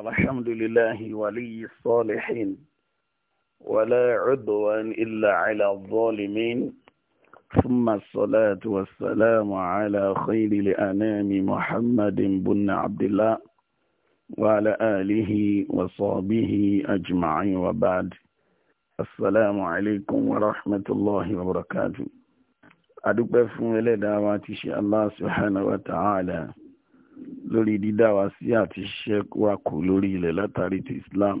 الحمد لله ولي الصالحين ولا عدوان إلا على الظالمين ثم الصلاة والسلام على خير الأنام محمد بن عبد الله وعلى آله وصحبه أجمعين وبعد السلام عليكم ورحمة الله وبركاته أدوك بفهم لدعواتي الله سبحانه وتعالى lórí dídá wa sí àti ṣiṣẹ́ wa kù lórí ilẹ̀ látàrí ti Islam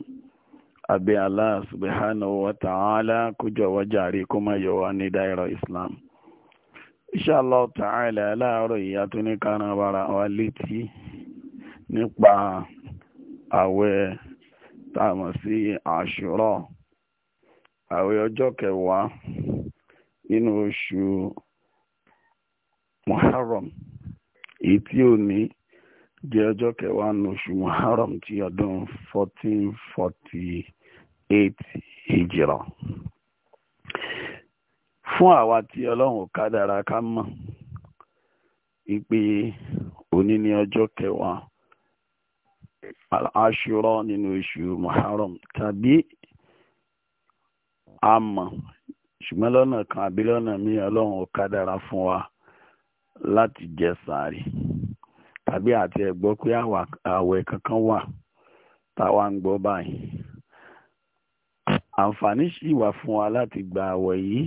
abẹ́ Allah subhanahu wa ta'ala kójọ wa jàre kó má yọ wa ní dáírà Islam inshallah ta'ala láàárọ̀ ìyá tó ní kárànbára wa létí nípa àwẹ̀ tààmọ̀ sí àṣùrà àwẹ̀ ọjọ́ kẹwàá nínú oṣù Muharram èyí tí ò ní di ọjọ́ kẹwàá nù oṣù muharram ti ọdún fourteen forty eight hijira fún àwa tí ọlọ́run ká dára ká mọ̀ ìpè òní ní ọjọ́ kẹwàá aṣúrọ́ nínú oṣù muharram tàbí àmọ́ ṣùgbọ́n lọ́nà kan àbí lọ́nà míì ọlọ́run ká dára fún wa láti jẹ sàárì tàbí àti ẹ̀gbọ́ pé àwẹ̀ kankan wà táwa ń gbọ́ báyìí àǹfààní sì wà fún wa láti gba àwẹ̀ yìí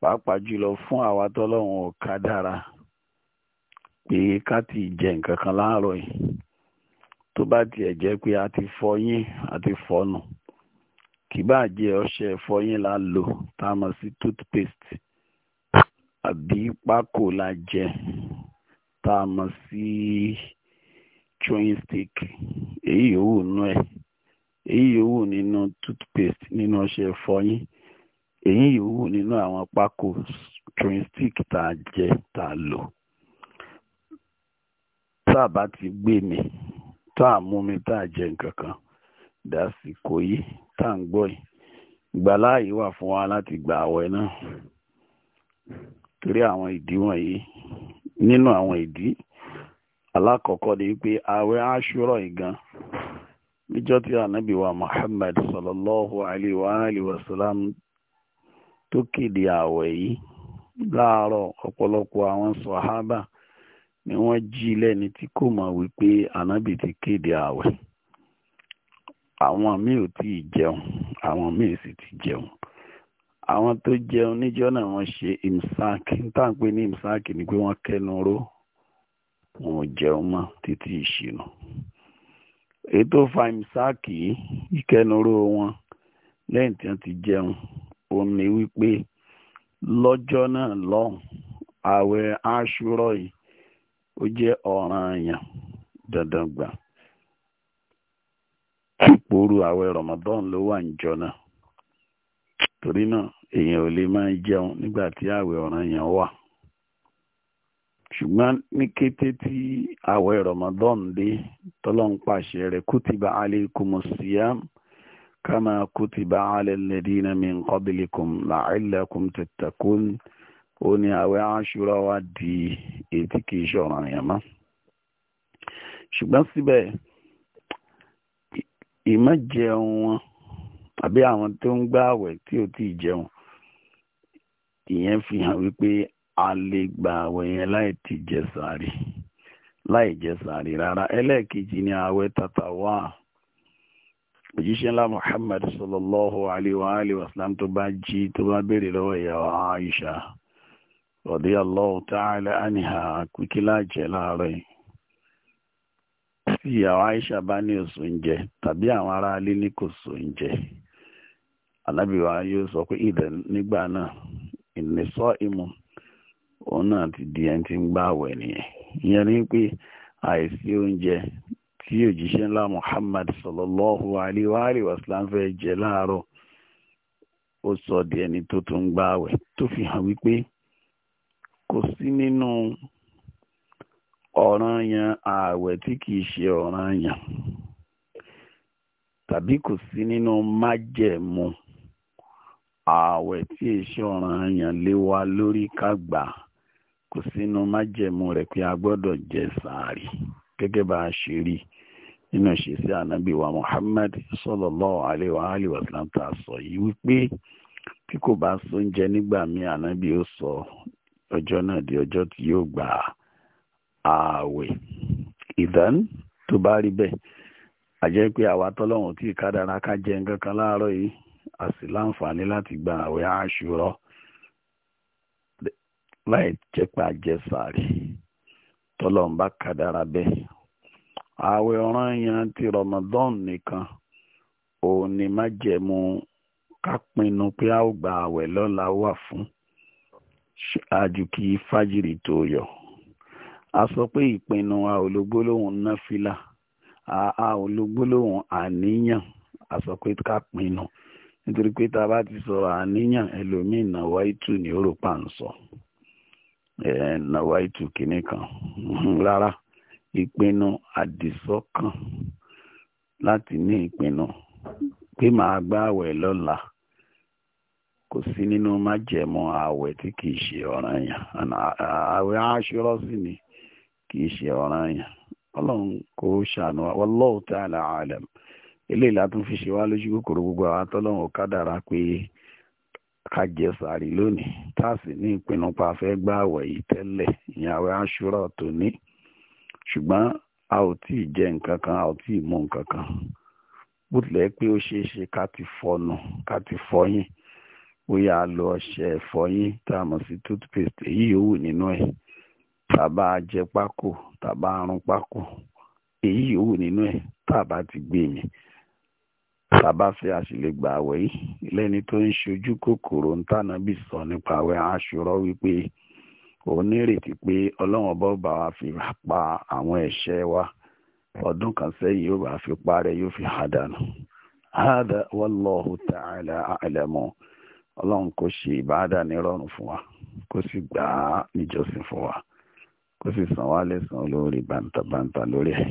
pàápàá jùlọ fún àwa tọ́lọ́run ò ká dára pé ká ti jẹ nǹkan kan láàárọ̀ yìí tó bá tiẹ̀ jẹ́ pé a ti fọyín a ti fọnù kì bá jẹ́ ọṣẹ fọyín la lò tá a mọ̀ sí toothpaste àbí pákó la jẹ tá a mọ̀ sí chewing stick èyí yòówù nú ẹ̀ èyí yòówù nínú toothpaste nínú ọṣẹ ìfọyín èyí yòówù nínú àwọn pákó chewing stick tá a jẹ tá a lò tá a bá ti gbé mi tá a mú mi tá a jẹ nǹkan kan dásìkò yìí tá à ń gbọ́ yìí ìgbàláàyè wà fún wa láti gba àwẹ̀ náà torí àwọn ìdí wọ̀nyí nínú àwọn ìdí alákọ̀ọ́kọ́ ni pé ààwẹ̀ aṣúrọ̀ ìgan níjọ́ tí ànábì wa Muhammad sallallahu alayhi wa alayhi wa sallam tó kéde ààwẹ̀ yìí láàárọ̀ ọ̀pọ̀lọpọ̀ àwọn sọ̀hábà ni wọ́n jí lẹ́ni tí kò mọ̀ wípé ànábì ti kéde ààwẹ̀ àwọn míì ò tí ì jẹun àwọn míì sì ti jẹun àwọn tó jẹun níjọ́ náà wọ́n ṣe imsak níta ń pè ní imsak ni pé wọ́n kẹnu ró wọn ò jẹun mọ́ títí ìṣìnà èyí tó fa imsak yìí ìkẹnuró wọn lẹ́yìn tí ti jẹun wípé lọ́jọ́ náà lọ́hùn ààwẹ̀ aṣúrọ̀ yìí ó jẹ́ ọ̀ranyàn dandan gbà ààwẹ̀ Ramadan ló wà níjọ náà èèyàn ò lè máa jẹun nígbà tí àwẹ̀ ọ̀ranyàn wà ṣùgbọ́n ní kété tí àwẹ̀ Ramadan dé tọ́lọ́n pàṣẹ rẹ̀ kútìbà alaykumus siyam kama kútìbà ala alladina min qablikum la'allakum tattaqun ó ní àwẹ̀ Àṣúrà wá di ètí kìí ṣọ̀ranyàn mọ́ ṣùgbọ́n síbẹ̀ ìmọ̀ wọn àbí àwọn tó ń gbààwẹ̀ tí ò tí ì jẹun ìyẹn fi hàn wípé a lè gba àwẹ̀ yẹn láì ti jẹ sàárì láì jẹ sàárì rárá ẹlẹ́ẹ̀kejì ni àwẹ̀ tata wà òjíṣẹ́ ńlá Muhammad sallallahu alayhi wa alayhi wa sallam tó bá jí tó bá béèrè lọ́wọ́ ìyàwó Aisha radiyallahu ta'ala anha kúkí láàjẹ láàárọ̀ yìí tí ìyàwó Aisha bá ní oṣù ń tàbí àwọn ará ilé ní kò sùn ń alábìwá yóò sọ pé ìdẹ nígbà náà ìmẹ̀sọ́ imu òun náà ti di ẹni ń àìsí oúnjẹ tí òjíṣẹ́ ńlá Muhammad fẹ́ jẹ láàárọ̀ ó sọ di ẹni tó tún gbà àwẹ̀ tó fi hàn wípé kò sí nínú ọ̀ranyàn ààwẹ̀ tí ṣe tàbí ààwẹ̀ tí èso ọ̀ràn yàn lé wa lórí ká gbà kò sínú májẹ̀mú rẹ̀ pé a gbọ́dọ̀ jẹ sàárì gẹ́gẹ́ bá a ṣe rí nínú ìṣesí ànábì wa Muhammad sallallahu alaihi wa alihi wasallam tá a sọ yìí wípé tí kò bá sóúnjẹ nígbà míì ànábì ó sọ ọjọ́ náà di ọjọ́ tí yóò gbà ààwẹ̀ ìdán tó bá rí bẹ́ẹ̀ àjẹ́ pé àwa tọ́lọ́run tí ìkádàrá ká jẹ nǹkan kan láàárọ̀ yìí a sì láǹfààní láti gba àwẹ̀ àṣùrọ láì jẹ́ pé a jẹ sàárì tọ́lọ́run bá kádàrá bẹ́ẹ̀ àwẹ̀ ọ̀ranyàn ti Ramadan nìkan òun ni májẹ̀mú ká pinnu pé a ó gba àwẹ̀ lọ́la wà fún ṣáájú kí fájìrì tó yọ a sọ pé ìpinnu a ò lo gbólóhùn náfìlà a ò lo gbólóhùn àníyàn a sọ pé ká pinnu nítorí pé tá a bá ti sọ̀rọ̀ àníyàn ẹlòmíì nàwa ìtù ní òrùpa ń sọ nàwa ìtù kìíní kan rárá ìpinnu àdìsọ́kàn láti ní ìpinnu pé màá gba àwẹ̀ lọ́la kò sí nínú májẹ̀mú àwẹ̀ tí kìí ṣe àwẹ̀ aṣọ́rọ́ ni kìí ṣe ọ̀ranyàn ọlọ́run kò ṣàánú eléyìí látún fi ṣe wá lójú kòkòrò gbogbo àwọn atọ́lọ́run ọ̀kadàrà pé ká jẹ sàárì lónìí tá a sì ní ìpinnu pa fẹ́ gba àwẹ̀ yìí tẹ́lẹ̀ ìyẹn àwẹ̀ aṣúra tòní ṣùgbọ́n a ò tí ì jẹ nǹkan kan a ò tí ì mu nǹkan kan bó tilẹ̀ pé ó ṣeé ṣe ká ti fọnu ká ti fọyín bóyá a lo ọṣẹ ìfọyín tá a mọ̀ sí toothpaste èyí yòówù nínú ẹ̀ tàbá jẹ pákó tàbá rún pákó èyí yòówù nínú ẹ̀ tàbá ti gbé mi tàbá fẹ́ àṣìlè gbà àwẹ̀ yìí lẹ́ni tó ń ṣojú kòkòrò ń tànà bí sọ nípa àwẹ̀ àṣùrọ̀ wípé òun nírètí pé ọlọ́run ọba bá wa fi pa àwọn ẹ̀ṣẹ̀ wa ọdún kan sẹ́yìn yóò bá fi parẹ́ yóò fi hà dànù. hada wallahu ta'ala a'lamu ọlọ́run kò ṣe ìbáàdà nírọ̀rùn fún wa kó sì gbà á níjọsìn fún wa kó sì san wá lẹ́san olórí bàǹtàbàǹtà lórí ẹ̀.